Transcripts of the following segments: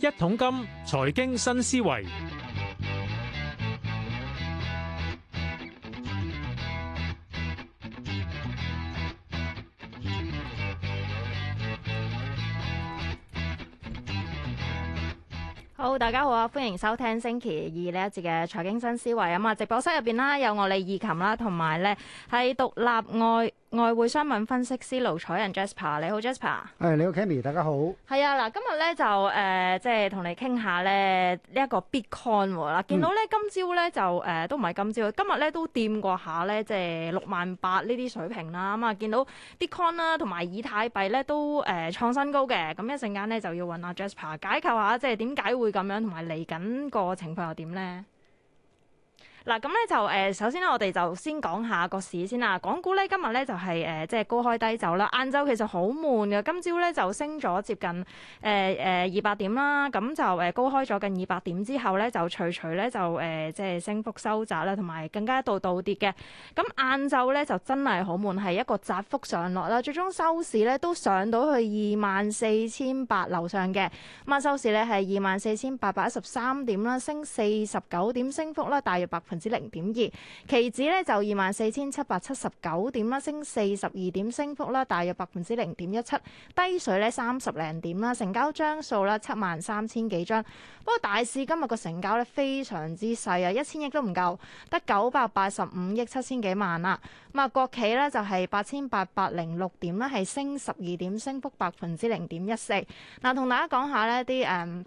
一桶金財經新思維，Hello 大家好啊，歡迎收聽星期二呢一節嘅財經新思維咁啊，直播室入邊啦，有我李意琴啦，同埋呢係獨立外，外匯商品分析師盧楚仁 Jasper，你好 Jasper。誒 Jas，你好 Kenny 大家好。係、呃就是、啊，嗱，今日咧就誒，即係同你傾下咧呢一個 Bitcoin 喎，見到咧今朝咧就誒都唔係今朝，今日咧都掂過下咧，即係六萬八呢啲水平啦，咁啊，見、啊、到 Bitcoin 啦、啊，同埋以太幣咧都誒創、呃、新高嘅，咁一陣間咧就要搵阿、啊、Jasper 解構下，即係點解會咁樣，同埋嚟緊個情況又點咧？嗱，咁咧就誒、呃，首先咧我哋就先講下個市先啦。港股咧今日咧就係、是、誒，即、呃、係、就是、高開低走啦。晏晝其實好悶嘅，今朝咧就升咗接近誒誒二百點啦。咁就誒高開咗近二百點之後咧，就徐徐咧就誒即係升幅收窄啦，同埋更加一度倒跌嘅。咁晏晝咧就真係好悶，係一個窄幅上落啦。最終收市咧都上到去二萬四千八樓上嘅。咁啊，收市咧係二萬四千八百一十三點啦，升四十九點，升幅咧大約百分之零點二，期指咧就二萬四千七百七十九點啦，升四十二點，升，點升幅啦大約百分之零點一七，低水咧三十零點啦，成交張數啦七萬三千幾張，不過大市今日個成交咧非常之細啊，一千億都唔夠，得九百八十五億七千幾萬啦。咁啊，國企咧就係八千八百零六點啦，係升十二點，升，點升幅百分之零點一四。嗱，同大家講下呢啲誒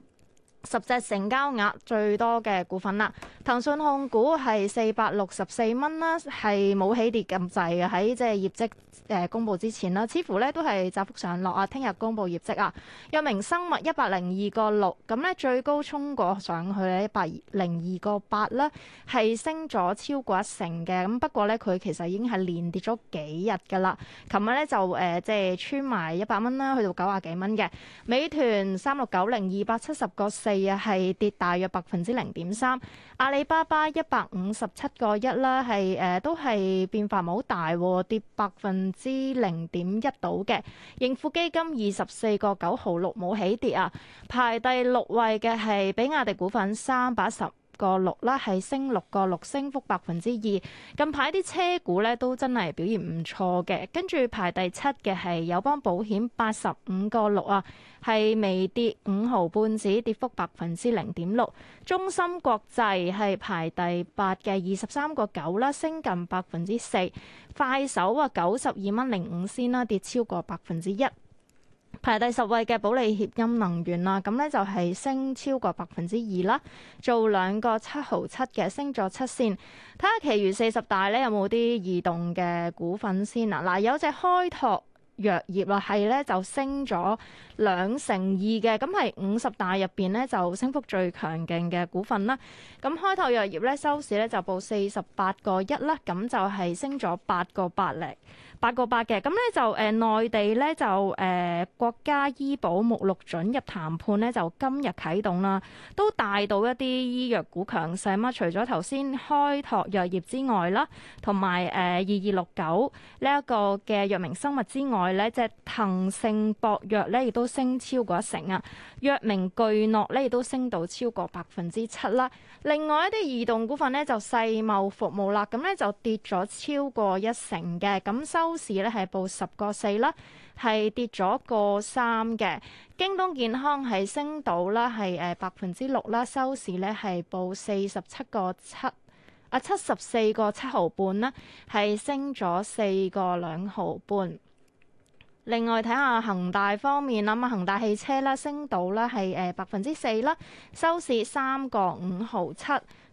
十隻成交額最多嘅股份啦。騰訊控股係四百六十四蚊啦，係冇起跌咁滯嘅，喺即係業績誒公布之前啦，似乎咧都係窄幅上落啊。聽日公布業績啊，藥明生物一百零二個六，咁咧最高衝過上去咧一百零二個八啦，係升咗超過一成嘅。咁不過咧佢其實已經係連跌咗幾日噶啦，琴日咧就誒即係穿埋一百蚊啦，去到九啊幾蚊嘅。美團三六九零二百七十個四啊，係跌大約百分之零點三。阿里阿里巴巴一百五十七個一啦，係誒、呃、都係變化唔好大，跌百分之零點一到嘅。盈富基金二十四個九毫六冇起跌啊，排第六位嘅係比亞迪股份三百一十。個六啦，係升六個六，升幅百分之二。近排啲車股咧都真係表現唔錯嘅，跟住排第七嘅係友邦保險，八十五個六啊，係微跌五毫半子，跌幅百分之零點六。中芯國際係排第八嘅，二十三個九啦，升近百分之四。快手啊，九十二蚊零五仙啦，跌超過百分之一。排第十位嘅保利協鑫能源啦，咁咧就係升超過百分之二啦，做兩個七毫七嘅，升咗七先。睇下其餘四十大咧有冇啲異動嘅股份先啊！嗱，有隻開拓藥業啦，係咧就升咗兩成二嘅，咁係五十大入邊咧就升幅最強勁嘅股份啦。咁開拓藥業咧收市咧就報四十八個一啦，咁就係升咗八個八厘。八個八嘅，咁咧就誒、呃、內地咧就誒、呃、國家醫保目錄准入談判咧就今日啟動啦，都帶到一啲醫藥股強勢嘛。除咗頭先開拓藥業之外啦，同埋誒二二六九呢一個嘅藥明生物之外咧，隻騰盛博藥咧亦都升超過一成啊，藥明巨諾咧亦都升到超過百分之七啦。另外一啲移動股份咧就世茂服務啦，咁咧就跌咗超過一成嘅，咁收。收市咧係報十個四啦，係跌咗個三嘅。京東健康係升到啦，係誒百分之六啦，收市咧係報四十七個七啊，七十四個七毫半啦，係升咗四個兩毫半。另外睇下恒大方面啦，咁啊恒大汽車啦升到啦係誒百分之四啦，收市三個五毫七。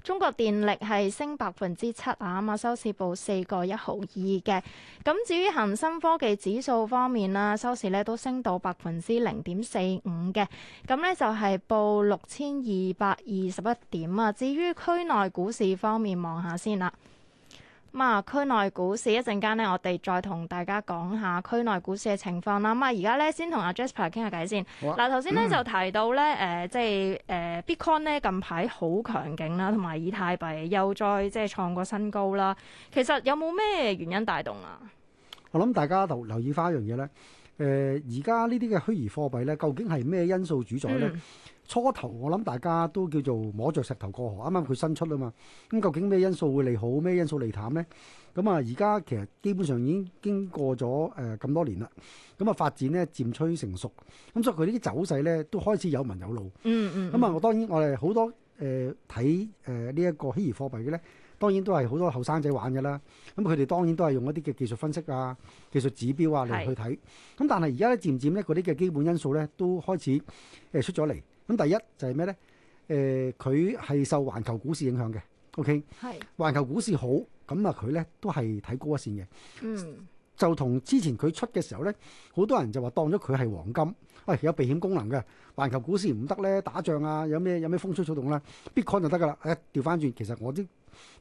中國電力係升百分之七啊，嘛收市報四個一毫二嘅。咁至於恒生科技指數方面啦，收市咧都升到百分之零點四五嘅。咁咧就係報六千二百二十一點啊。至於區內股市方面，望下先啦。咁啊，區內股市一陣間咧，我哋再同大家講下區內股市嘅情況啦。咁啊，而家咧先同阿 Jasper 傾下偈先。嗱哇，頭先咧就提到咧，誒、嗯呃，即係誒、呃、Bitcoin 咧近排好強勁啦，同埋以太幣又再即係創過新高啦。其實有冇咩原因帶動啊？我諗大家留留意翻一樣嘢咧，誒、呃，而家呢啲嘅虛擬貨幣咧，究竟係咩因素主宰咧？嗯初頭我諗大家都叫做摸着石頭過河，啱啱佢新出啊嘛。咁究竟咩因素會利好，咩因素利淡咧？咁、嗯、啊，而家其實基本上已經經過咗誒咁多年啦。咁、嗯、啊，發展咧漸趨成熟，咁所以佢呢啲走勢咧都開始有紋有路。嗯嗯。咁啊，我當然我哋好多誒睇誒呢一個虛擬貨幣嘅咧，當然都係好多後生仔玩㗎啦。咁佢哋當然都係用一啲嘅技術分析啊、技術指標啊嚟去睇。咁是、嗯、但係而家咧漸漸咧嗰啲嘅基本因素咧都開始誒、呃呃、出咗嚟。咁第一就係咩咧？誒、呃，佢係受環球股市影響嘅。O K，係環球股市好，咁啊佢咧都係睇高一線嘅。嗯，就同之前佢出嘅時候咧，好多人就話當咗佢係黃金，喂、哎、有避險功能嘅。環球股市唔得咧，打仗啊，有咩有咩風吹草動咧，Bitcoin 就得㗎啦。誒、哎，調翻轉，其實我都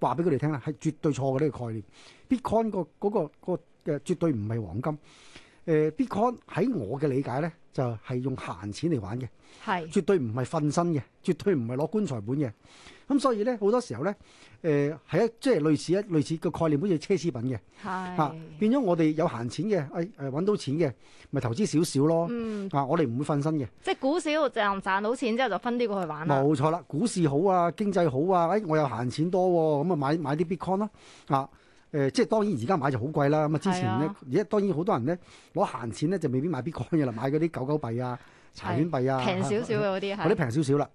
話俾佢哋聽啦，係絕對錯嘅呢、這個概念。Bitcoin、那個嗰、那個嘅、那個那個呃、絕對唔係黃金。誒、呃、Bitcoin 喺我嘅理解咧，就係、是、用閒錢嚟玩嘅，係是絕對唔係瞓身嘅，絕對唔係攞棺材本嘅。咁所以咧，好多時候咧，誒、呃、係一即係類似一類似個概念，好似奢侈品嘅，係是啊變咗我哋有閒錢嘅，誒誒搵到錢嘅，咪投資少少咯。嗯、啊，我哋唔會瞓身嘅。即係股市就賺到錢之後就分啲過去玩。冇錯啦，股市好啊，經濟好啊，誒、哎、我有閒錢多，咁啊買買啲 Bitcoin 咯啊！嗯誒、呃，即係當然，而家買就好貴啦。咁啊，之前咧，而家是、啊、當然好多人咧攞閒錢咧，就未必買邊個嘢啦，買嗰啲狗狗幣啊、柴犬幣啊，平少少嘅嗰啲，嗰啲平少少啦。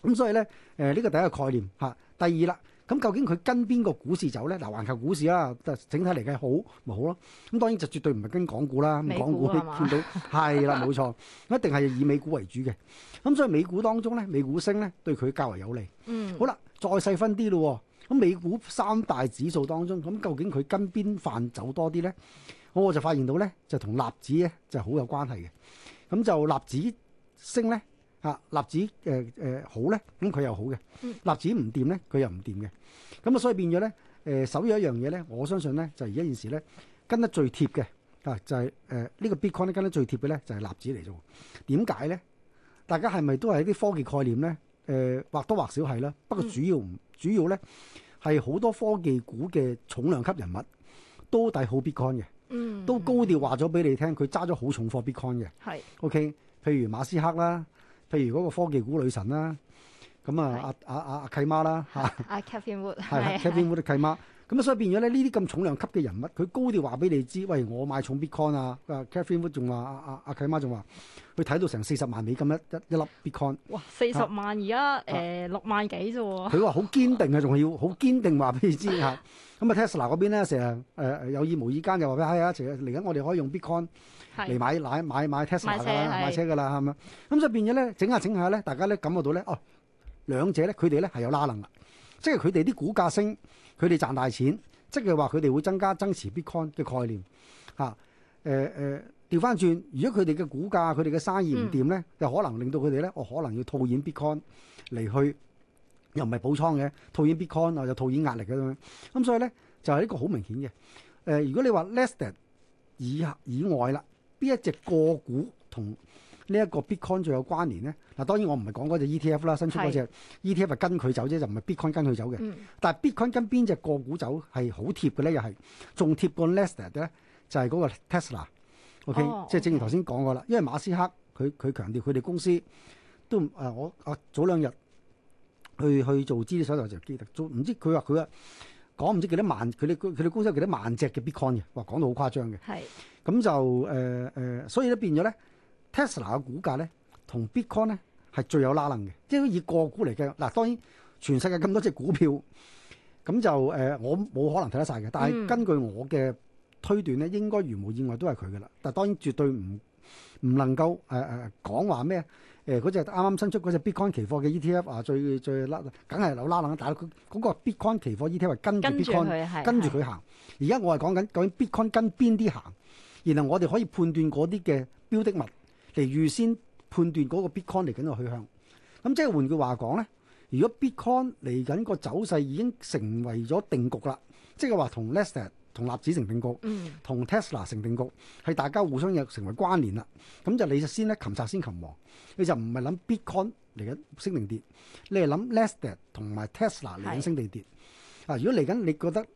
咁的所以咧，誒、呃、呢、這個第一個概念嚇、啊，第二啦，咁究竟佢跟邊個股市走咧？嗱、啊，環球股市啦，整體嚟計好咪好咯。咁當然就絕對唔係跟港股啦，咁港股你見到係啦，冇 錯， 一定係以美股為主嘅。咁所以美股當中咧，美股升咧對佢較為有利。嗯、好啦，再細分啲咯。咁美股三大指數當中，咁究竟佢跟邊範走多啲咧？我我就發現到咧，就同納指咧就好有關係嘅。咁就納指升咧，啊納指誒誒好咧，咁佢又好嘅。納指唔掂咧，佢又唔掂嘅。咁啊，所以變咗咧，誒首要一樣嘢咧，我相信咧就而家件事咧跟得最貼嘅啊，就係誒呢個 Bitcoin 跟得最貼嘅咧就係納指嚟做。點解咧？大家係咪都係一啲科技概念咧？誒、呃、或多或少係啦，不過主要唔。嗯主要咧係好多科技股嘅重量級人物都睇好 Bitcoin 嘅，都高調話咗俾你聽，佢揸咗好重貨 Bitcoin 嘅。係，OK，譬如馬斯克啦，譬如嗰個科技股女神啦，咁啊阿阿阿阿契媽啦嚇，阿 Kevin Wood 係 Kevin Wood 嘅契媽。咁啊，所以變咗咧，呢啲咁重量級嘅人物，佢高調話俾你知，喂，我買重 bitcoin 啊，啊，啊。啊，Catherine Wood 仲話，啊啊啊契媽仲話，佢睇到成四十萬美金一一一粒 bitcoin。哇！四十萬，啊呃、萬而家誒六萬幾啫喎。佢話好堅定，堅定 啊，仲要好堅定話俾你知嚇。咁啊，Tesla 嗰邊咧成日誒有意無意間就話俾 hi 其實嚟緊我哋可以用 bitcoin 嚟買買買買 Tesla 啦，買，買，買，買，買車噶啦，係咪？咁是所以變咗咧，整下整下咧，大家咧感覺到咧哦，兩者咧佢哋咧係有拉能嘅，即係佢哋啲股價升。佢哋賺大錢，即係話佢哋會增加增持 Bitcoin 嘅概念，嚇、啊，誒、呃、誒，掉返轉，如果佢哋嘅股價、佢哋嘅生意唔掂咧，就、嗯、可能令到佢哋咧，我可能要套現 Bitcoin 嚟去，又唔係補倉嘅，套現 Bitcoin 啊，就套現壓力嘅咁樣，咁、啊、所以咧就係、是、呢個好明顯嘅，誒、啊，如果你話 listed 以以外啦，邊一隻個股同，呢一個 Bitcoin 最有關聯咧，嗱，當然我唔係講嗰隻 ETF 啦，新出嗰隻 ETF 係跟佢走啫，就唔係 Bitcoin 跟佢走嘅。嗯、但係 Bitcoin 跟邊隻個股走係好貼嘅咧，又係仲貼過 Nasdaq 咧，就係嗰個 Tesla。OK，即係正如頭先講過啦，因為馬斯克佢佢強調佢哋公司都誒、呃、我啊早兩日去去做資料就集得，做唔知佢話佢啊講唔知幾多萬，佢哋佢佢哋公司有幾多萬隻嘅 Bitcoin 嘅，話講到好誇張嘅。係咁就誒誒、呃呃，所以咧變咗咧。Tesla 嘅股價咧，同 Bitcoin 咧係最有拉能嘅，即係以個股嚟嘅嗱。當然全世界咁多隻股票咁、嗯、就誒、呃，我冇可能睇得晒嘅。但係根據我嘅推斷咧，應該如無意外都係佢嘅啦。但係當然絕對唔唔能夠誒誒、呃呃、講話咩誒嗰隻啱啱新出嗰隻 Bitcoin 期貨嘅 ETF 啊，最最拉梗係有拉能。但係佢嗰個 Bitcoin 期貨 ETF 跟住佢係跟住佢行。而家我係講緊究竟 Bitcoin 跟邊啲行，然後我哋可以判斷嗰啲嘅標的物。嚟預先判斷嗰個 Bitcoin 嚟緊個去向，咁即係換句話講咧，如果 Bitcoin 嚟緊個走勢已經成為咗定局啦，即係話同 Nasdaq 同納指成定局，同 Tesla 成定局，係大家互相又成為關聯啦。咁就你就先咧擒賊先擒王，你就唔係諗 Bitcoin 嚟緊升定跌，你係諗 Nasdaq 同埋 Tesla 兩升定跌嗱。如果嚟緊你覺得。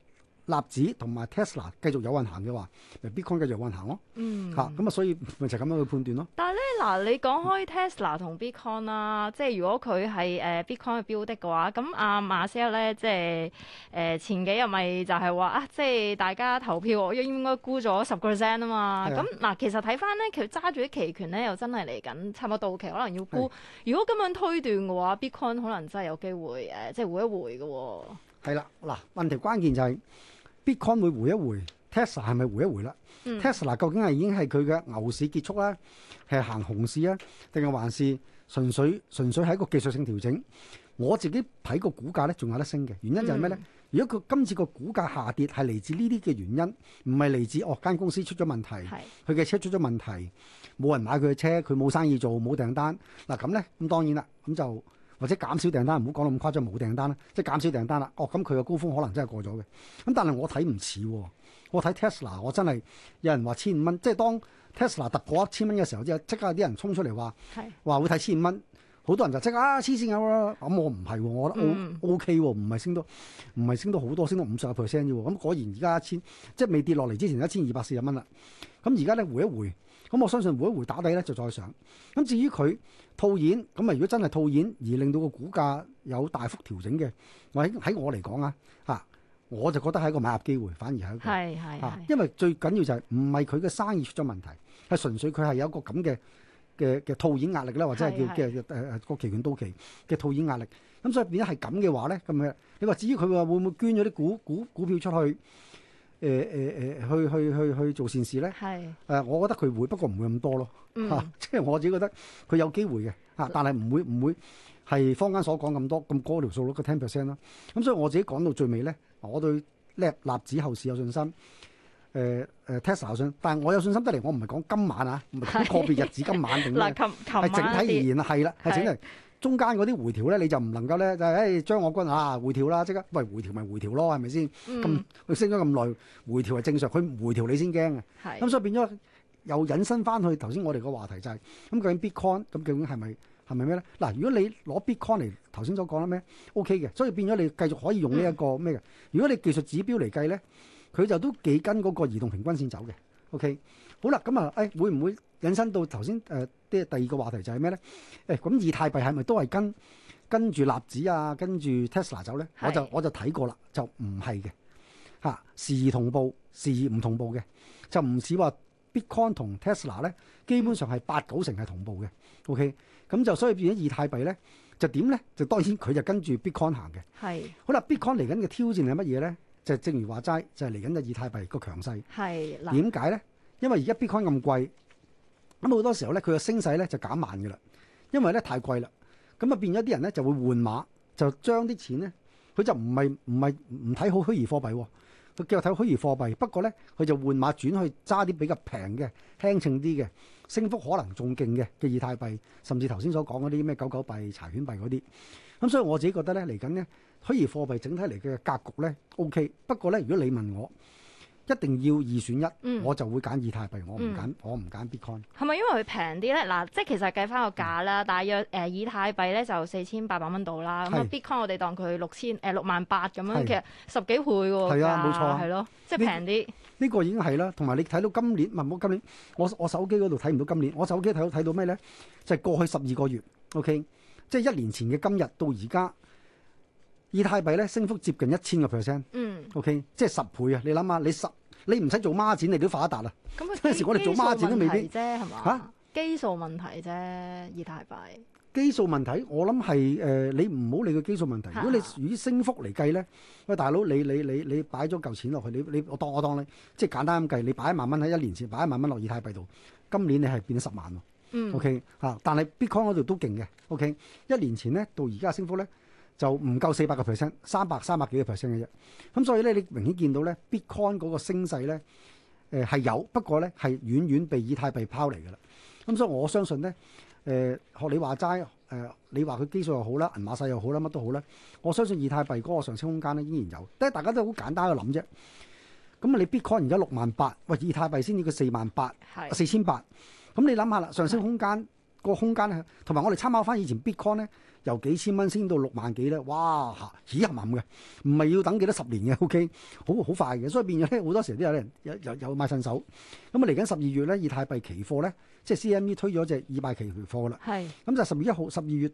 納指同埋 Tesla 繼續有運行嘅話、就是、，bitcoin 繼續有運行咯。嗯。嚇，咁啊，所以咪就係咁樣去判斷咯。但係咧，嗱，你講開 Tesla 同 bitcoin 啦，即係如果佢係誒 bitcoin 嘅標的嘅話，咁阿馬斯咧，即係誒前幾日咪就係話啊，即係、呃啊呃啊、大家投票，我應唔應該沽咗十個 percent 啊嘛？咁嗱的，其實睇翻咧，其實揸住啲期權咧，又真係嚟緊，差唔多到期，可能要沽。的如果咁樣推斷嘅話，bitcoin 可能真係有機會誒、呃，即係回一回嘅。係啦，嗱，問題關鍵就係、是、Bitcoin 會回一回，Tesla 係咪回一回啦、嗯、？Tesla 究竟係已經係佢嘅牛市結束啦，係行熊市啊，定係還是純粹純粹係一個技術性調整？我自己睇個股價咧，仲有得升嘅。原因就係咩咧？嗯、如果佢今次個股價下跌係嚟自呢啲嘅原因，唔係嚟自哦、呃、間公司出咗問題，佢嘅車出咗問題，冇人買佢嘅車，佢冇生意做，冇訂單。嗱咁咧，咁當然啦，咁就。或者減少訂單，唔好講到咁誇張，冇訂單啦，即係減少訂單啦。哦，咁佢嘅高峰可能真係過咗嘅。咁但係我睇唔似喎，我睇 Tesla，我真係有人話千五蚊，即係當 Tesla 突破一千蚊嘅時候，之後，即刻有啲人衝出嚟話，話會睇千五蚊。好多人就即刻啊黐線嘅喎，咁、啊、我唔係喎，我覺得 OK 喎，唔係升到唔係升到好多，升到五十個 percent 啫。咁果然而家一千，即係未跌落嚟之前一千二百四十蚊啦。咁而家咧回一回。咁我相信每一回打底咧，就再上。咁至於佢套現，咁啊如果真係套現而令到個股價有大幅調整嘅，我喺喺我嚟講啊嚇，我就覺得係一個買入機會，反而係嚇，因為最緊要就係唔係佢嘅生意出咗問題，係純粹佢係有一個咁嘅嘅嘅套現壓力咧，或者係叫嘅誒個期權到期嘅套現壓力。咁係係所以變咗係咁嘅話咧，咁嘅你話至於佢話會唔會捐咗啲股股股票出去？誒誒誒，去去去去做善事咧，係是，誒、呃，我覺得佢會，不過唔會咁多咯，嚇、嗯啊，即係我自己覺得佢有機會嘅，嚇、啊，但係唔會唔會係坊間所講咁多咁高條數率嘅 ten percent 咯。咁、啊啊、所以我自己講到最尾咧，我對叻立子後市有信心，誒、啊、誒、啊、Tesla 有信心，但係我有信心得嚟，我唔係講今晚啊，唔係講個別日子今晚定咧，係、 啊、整體而言係啦，係整體。是是中間嗰啲回調咧，你就唔能夠咧，就係誒、哎、張樂軍啊，回調啦，即刻，喂，回調咪回調咯，係咪先？咁佢、嗯、升咗咁耐，回調係正常，佢唔回調你先驚嘅。係。咁所以變咗又引申翻去頭先我哋個話題就係、是，咁究竟 Bitcoin 咁究竟係咪係咪咩咧？嗱，如果你攞 Bitcoin 嚟頭先所講啦咩？OK 嘅，所以變咗你繼續可以用呢、這、一個咩嘅？嗯、如果你技術指標嚟計咧，佢就都幾跟嗰個移動平均線走嘅。OK 好。好、欸、啦，咁、嗯、啊，誒會唔會？引申到頭先誒，啲、呃、第二個話題就係咩咧？誒、哎、咁，以太幣係咪都係跟跟住納指啊，跟住 Tesla 走咧是？我就我就睇過啦，就唔係嘅嚇，時而、啊、同步，時而唔同步嘅，就唔似話 Bitcoin 同 Tesla 咧，基本上係八九成係同步嘅。O K. 咁就所以變咗以太幣咧，就點咧？就當然佢就跟住 Bitcoin 行嘅。係是好啦，Bitcoin 嚟緊嘅挑戰係乜嘢咧？就正如話齋，就係嚟緊嘅以太幣個強勢。係點解咧？因為而家 Bitcoin 咁貴。咁好多時候咧，佢個升勢咧就減慢嘅啦，因為咧太貴啦，咁啊變咗啲人咧就會換馬，就將啲錢咧，佢就唔係唔係唔睇好虛擬貨幣、哦，佢繼續睇虛擬貨幣，不過咧佢就換馬轉去揸啲比較平嘅輕稱啲嘅，升幅可能仲勁嘅嘅以太幣，甚至頭先所講嗰啲咩狗狗幣、柴犬幣嗰啲。咁所以我自己覺得咧，嚟緊咧虛擬貨幣整體嚟嘅格局咧 OK，不過咧如果你問我。一定要二選一，嗯、我就會揀以太幣。我唔揀，嗯、我唔揀 Bitcoin。係咪因為佢平啲咧？嗱，即係其實計翻個價啦，大約誒、呃、以太幣咧就四千八百蚊度啦。咁啊 Bitcoin 我哋當佢六千誒六萬八咁樣，其實十幾倍喎係啊，冇錯、啊，係咯，即係平啲。呢、呢個已經係啦。同埋你睇到今年，唔係今年，我我手機嗰度睇唔到今年，我手機睇到睇到咩咧？就係、是、過去十二個月，OK，即係一年前嘅今日到而家。以太幣咧升幅接近一千個 percent，嗯，OK，即係十倍啊！你諗下，你十你唔使做孖展，你都發達啊！嗰陣時我哋做孖展都未必啫，係嘛？嚇，基數問題啫、啊，以太幣。基數問題，我諗係誒你唔好理個基數問題。嗯、如果你屬於升幅嚟計咧，喂、啊哎、大佬，你你你你擺咗嚿錢落去，你你我當我當咧，即係簡單咁計，你擺一萬蚊喺一年前，擺一萬蚊落以太幣度，今年你係變咗十萬喎。嗯、OK，嚇、啊，但係 Bitcoin 嗰度都勁嘅，OK，一年前咧到而家升幅咧。就唔夠四百個 percent，三百三百幾個 percent 嘅啫。咁所以咧，你明顯見到咧，Bitcoin 嗰個升勢咧，誒、呃、係有，不過咧係遠遠被以太幣拋離嘅啦。咁所以我相信咧，誒、呃、學你話齋，誒、呃、你話佢基礎又好啦，銀碼細又好啦，乜都好啦，我相信以太幣嗰個上升空間咧依然有。但係大家都好簡單嘅諗啫。咁啊，你 Bitcoin 而家六萬八，喂，以太幣先至佢四萬八，四千八。咁你諗下啦，上升空間是個空間咧，同埋我哋參考翻以前 Bitcoin 咧。由幾千蚊升到六萬幾咧，哇嚇！起咁嘅，唔係要等幾多十年嘅，OK，好好快嘅。所以變咗咧，好多時都有啲人有有有買新手。咁啊，嚟緊十二月咧，以太幣期貨咧，即係 CME 推咗隻以太幣期貨啦。係。咁就十二月一號，十二月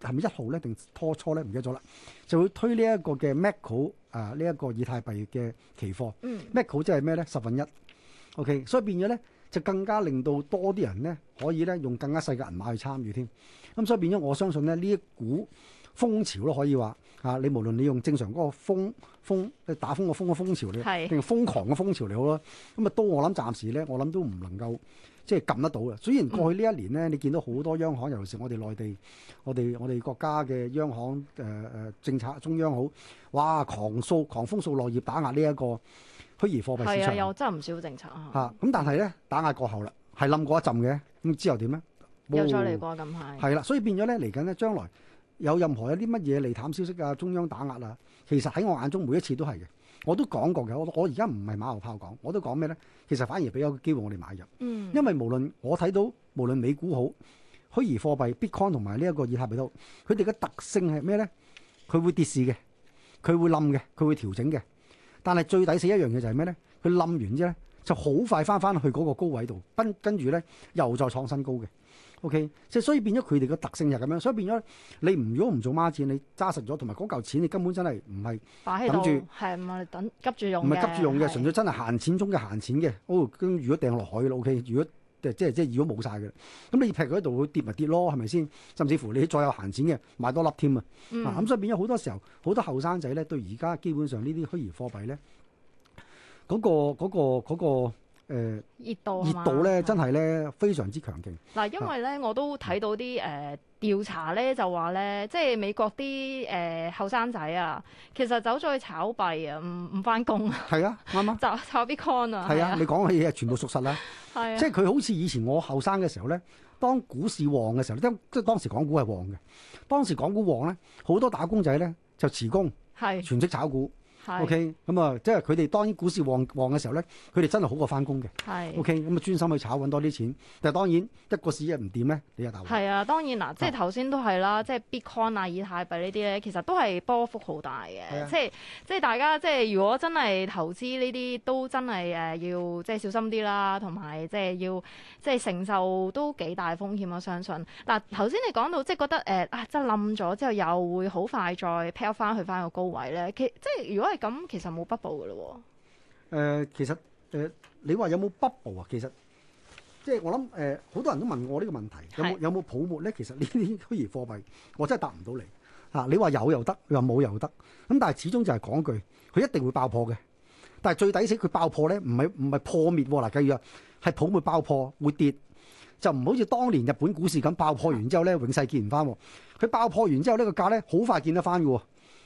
係咪一號咧，定拖初咧？唔記得咗啦。就會推呢一個嘅 Macro 啊，呢一個以太幣嘅期貨。嗯。Macro 即係咩咧？十分一。OK，所以變咗咧，就更加令到多啲人咧，可以咧用更加細嘅銀碼去參與添。咁、嗯、所以變咗，我相信咧，呢一股風潮咯，可以話嚇、啊、你，無論你用正常嗰個風風，你打風個風個風潮咧，定是瘋狂嘅風潮你好啦。咁啊都我諗暫時咧，我諗都唔能夠即係撳得到嘅。雖然過去呢一年咧，嗯、你見到好多央行，尤其是我哋內地，我哋我哋國家嘅央行誒誒、呃、政策，中央好哇，狂掃狂風掃落葉，打壓呢一個虛擬貨幣市場。係、啊、有真係唔少政策嚇。咁、嗯啊、但係咧，打壓過後啦，係冧過一陣嘅，咁之後點咧？又再嚟過咁係，係啦，所以變咗咧嚟緊咧，將來有任何一啲乜嘢利淡消息啊、中央打壓啦、啊，其實喺我眼中每一次都係嘅，我都講過嘅。我我而家唔係馬後炮講，我都講咩咧？其實反而俾有機會我哋買入，嗯、因為無論我睇到無論美股好虛擬貨幣 Bitcoin 同埋呢一個以太幣嚟到，佢哋嘅特性係咩咧？佢會跌市嘅，佢會冧嘅，佢會調整嘅。但係最抵死一樣嘢就係咩咧？佢冧完之後咧？就好快翻翻去嗰個高位度，跟跟住咧又再創新高嘅。OK，即係所以變咗佢哋嘅特性係咁樣，所以變咗你唔如果唔做孖展，你揸實咗同埋嗰嚿錢，你根本真係唔係擺喺度，係唔係等急住用？唔係急住用嘅，的純粹真係閒錢中嘅閒錢嘅。哦，咁如果掟落海嘅啦，OK。如果即係即係如果冇晒嘅，咁你劈佢喺度會跌咪跌咯，係咪先？甚至乎你再有閒錢嘅買多粒添、嗯、啊！咁所以變咗好多時候，好多後生仔咧對而家基本上呢啲虛擬貨幣咧。嗰、個嗰、個嗰、呃、熱度熱度咧，是的 真係咧非常之強勁。嗱，因為咧我都睇到啲誒、呃、調查咧，就話咧，即係美國啲誒後生仔啊，呃、其實走咗去炒幣啊，唔唔翻工啊，係啊，啱唔啱？炒炒 bitcoin 啊，係啊，你講嘅嘢全部屬實啦。係啊，即係佢好似以前我後生嘅時候咧，當股市旺嘅時候，即即當時港股係旺嘅，當時港股旺咧，好多打工仔咧就，就辭工就辭，係全職炒股。O.K. 咁、嗯、啊，即係佢哋當然股市旺旺嘅時候咧，佢哋真係好過翻工嘅。係的 O.K. 咁、嗯、啊，專心去炒揾，多啲錢。但係當然一個市嘅唔掂咧，你又投。係啊，當然嗱，啊、即係頭先都係啦，即係 Bitcoin 啊、以太幣呢啲咧，其實都係波幅好大嘅的。即係即係大家即係如果真係投資呢啲，都真係誒要即係小心啲啦，同埋即係要即係承受都幾大風險，啊、我相信嗱，頭先你講到即係覺得誒啊、呃，即係冧咗之後又會好快再 pull 翻去翻個高位咧。其即係如果咁其實冇北部 b b l 噶咯，誒、嗯，其實誒、呃，你話有冇北部啊？其實即係、就是、我諗，誒、呃，好多人都問我呢個問題，有冇有冇泡沫咧？其實呢啲虛擬貨幣，我真係答唔到你。吓、啊，你話有又得，你話冇又得，咁但係始終就係講句，佢一定會爆破嘅。但係最抵死，佢爆破咧，唔係唔係破滅嗱，例如係泡沫爆破會跌，就唔好似當年日本股市咁爆破完之後咧永世見唔翻。佢爆破完之後呢之後個價咧好快見得翻嘅。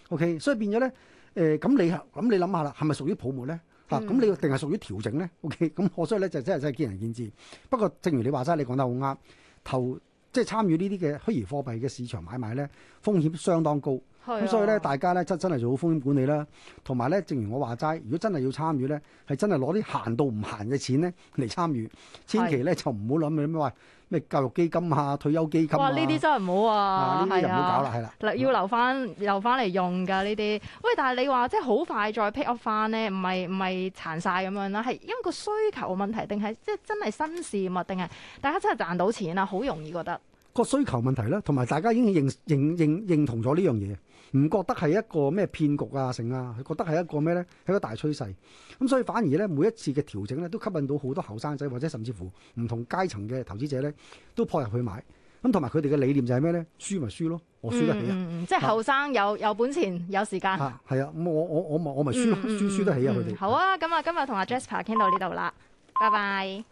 ok，所以變咗咧。誒咁、呃、你嚇，咁你諗下啦，係咪屬於泡沫咧？嚇、啊，咁你定係屬於調整咧？OK，咁我所以咧就真係真係見仁見智。不過正如你話齋，你講得好啱，投即係參與呢啲嘅虛擬貨幣嘅市場買賣咧，風險相當高。咁、啊、所以咧，大家咧真真係做好風險管理啦。同埋咧，正如我話齋，如果真係要參與咧，係真係攞啲閒到唔閒嘅錢咧嚟參與，千祈咧是就唔好諗你咩喂。咩教育基金啊，退休基金啊，哇！呢啲真係唔好啊，呢啲唔好搞啦，係啊，要，啊啊要留翻留翻嚟用㗎呢啲。喂，但係你話即係好快再 pick up 翻咧，唔係唔係殘晒咁樣啦，係因為個需求問題定係即係真係新事物，定係大家真係賺到錢啊，好容易覺得個需求問題啦，同埋大家已經認認認認同咗呢樣嘢。唔覺得係一個咩騙局啊，成啊，佢覺得係一個咩咧？係一個大趨勢，咁所以反而咧，每一次嘅調整咧，都吸引到好多後生仔或者甚至乎唔同階層嘅投資者咧，都撲入去買。咁同埋佢哋嘅理念就係咩咧？輸咪輸咯，我輸得起啊！嗯、即係後生有有本錢，有時間。嚇係啊！咁、啊、我我我咪我咪輸咯，嗯嗯、輸得起啊！佢哋、嗯嗯、好啊！咁啊，今日同阿 Jasper 傾到呢度啦，拜拜。